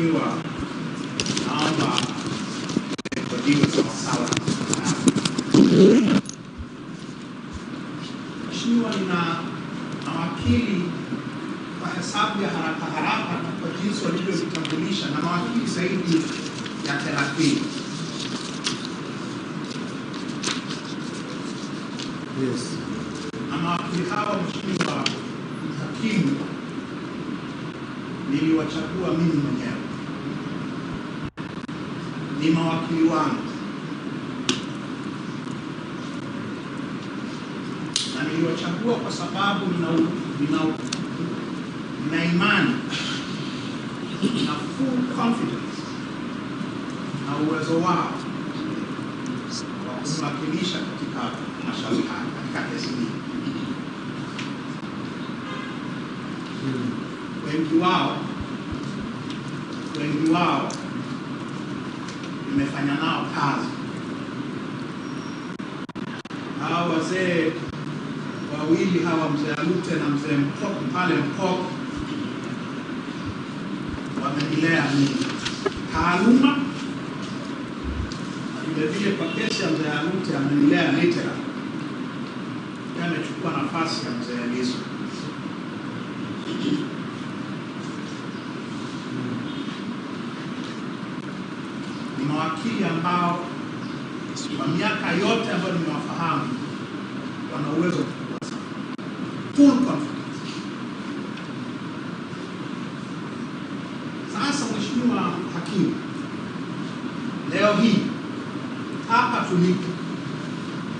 Mheshimiwa, naomba rekodiwe sawasawa. Mheshimiwa, nina mawakili kwa hesabu ya haraka haraka kwa jinsi walivyovitambulisha na mawakili zaidi ya thelathini. Yes. Na mawakili hawa Mheshimiwa Hakimu, niliwachagua mimi mwenyewe ni mawakili wangu na niliwachagua kwa sababu nina imani na full confidence na uwezo wao wa kumwakilisha katika mashauri haya katika kesi hii. Wengi wao wengi wao nimefanya nao kazi. Hawa wazee wawili hawa, mzee Alute na mzee pale Mkoko, wamenilea mii taaluma vilevile. Kwa kesi ya mzee Alute amenilea litera, amechukua nafasi ya mzee Lizo. mawakili ambao kwa miaka yote ambayo nimewafahamu wana uwezo mkubwa sana, Sasa mheshimiwa hakimu, leo hii hapa tulipo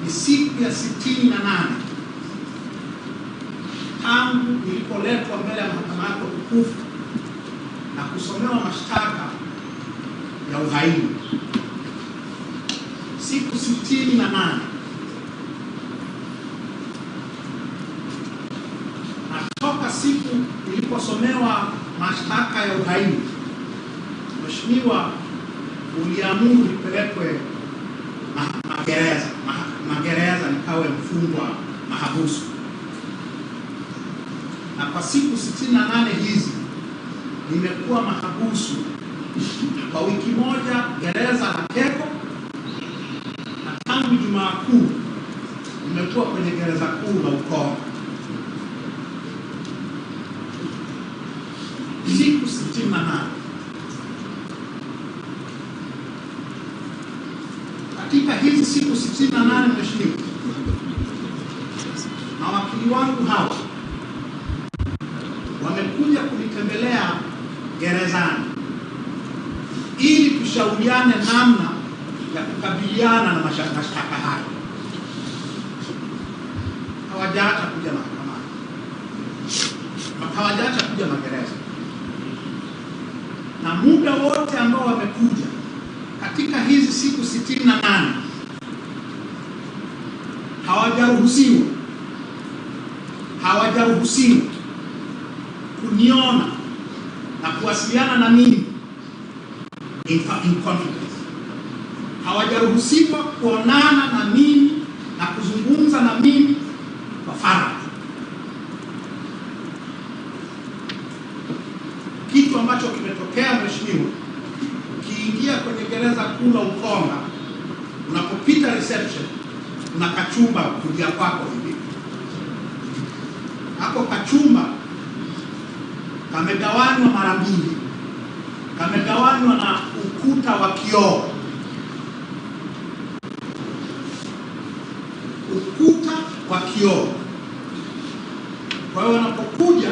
ni siku ya sitini na nane tangu nilipoletwa mbele ya mahakama yako tukufu na kusomewa mashtaka ya uhaini siku sitini na nane na toka siku iliposomewa mashtaka ya uhaini, mweshimiwa uliamuru nipelekwe magereza magereza nikawe mfungwa mahabusu, na kwa siku 68 nane hizi nimekuwa mahabusu kwa wiki moja gereza la Keko, na tangu Jumaa Kuu nimekuwa kwenye gereza kuu la ukoo siku sitini na nane. Katika hizi siku sitini na nane na wakili wangu hawa wamekuja kunitembelea gerezani tushauriane namna ya kukabiliana na mashtaka hayo. Hawajaacha kuja mahakamani, hawajaacha kuja magereza, na muda wote ambao wamekuja katika hizi siku sitini na nane hawajaruhusiwa hawajaruhusiwa kuniona na kuwasiliana na mimi in, in confidence. Hawajaruhusiwa kuonana na mimi na kuzungumza na mimi kwa faragha, kitu ambacho kimetokea mheshimiwa. Ukiingia kwenye gereza kuu la Ukonga, unapopita reception, una kachumba kulia kwako hivi. Hapo kachumba kamegawanywa mara mbili kamegawanywa na ukuta wa kioo. Ukuta wa kioo. Kwa hiyo wanapokuja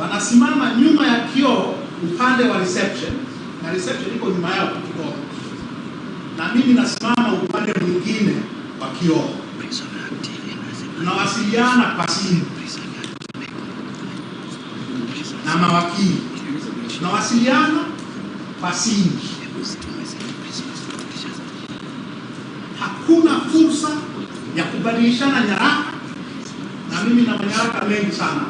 wanasimama nyuma ya kioo upande wa reception, na reception iko nyuma yao kidogo, na mimi nasimama upande mwingine wa kioo. Tunawasiliana kwa simu na mawakili tunawasiliana simu. hakuna fursa ya kubadilishana nyaraka, na mimi na manyaraka mengi sana.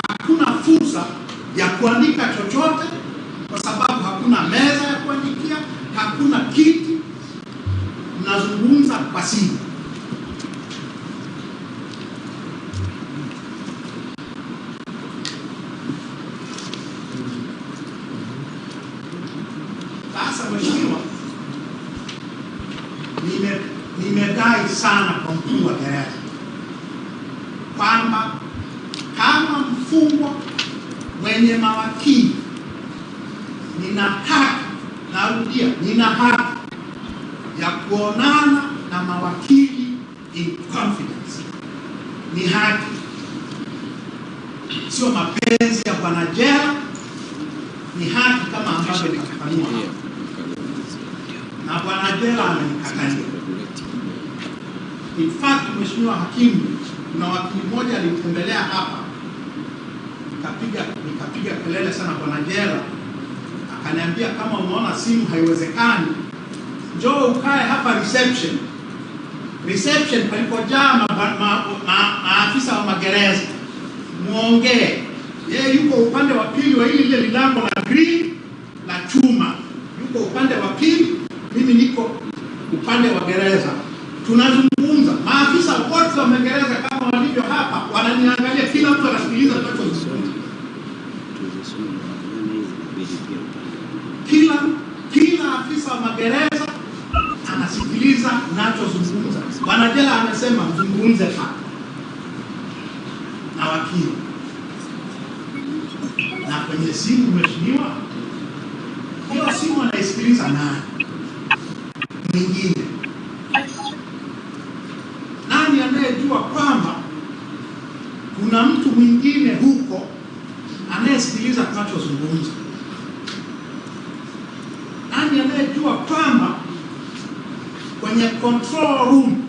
Hakuna fursa ya kuandika chochote Sasa mheshimiwa, nime nimedai sana kwa mkuu wa gereza kwamba kama mfungwa mwenye mawakili, nina haki, narudia, nina haki ya kuonana na mawakili in confidence. Ni haki, sio mapenzi ya bwana jela, ni haki kama ambavyo nikafafanua. Mandela amemkataza. In fact, Mheshimiwa Hakimu, kuna wakili mmoja alitembelea hapa, nikapiga nikapiga kelele sana kwa Nigeria, akaniambia kama unaona simu haiwezekani, njoo ukae hapa reception reception palipojaa maafisa ma, ma, ma, wa magereza muongee. Yeye yuko upande wa pili wa ile lilango la Bwana Tela amesema mzungumze sana na wakili na kwenye simu, mheshimiwa, hiyo simu anaisikiliza nani mwingine? Nani anayejua kwamba kuna mtu mwingine huko anayesikiliza tunachozungumza? Nani anayejua kwamba kwenye control room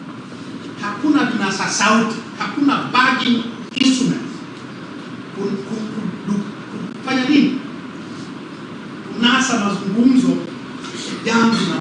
kinasa sauti, hakuna backing instrument kufanya nini kunasa mazungumzo jambo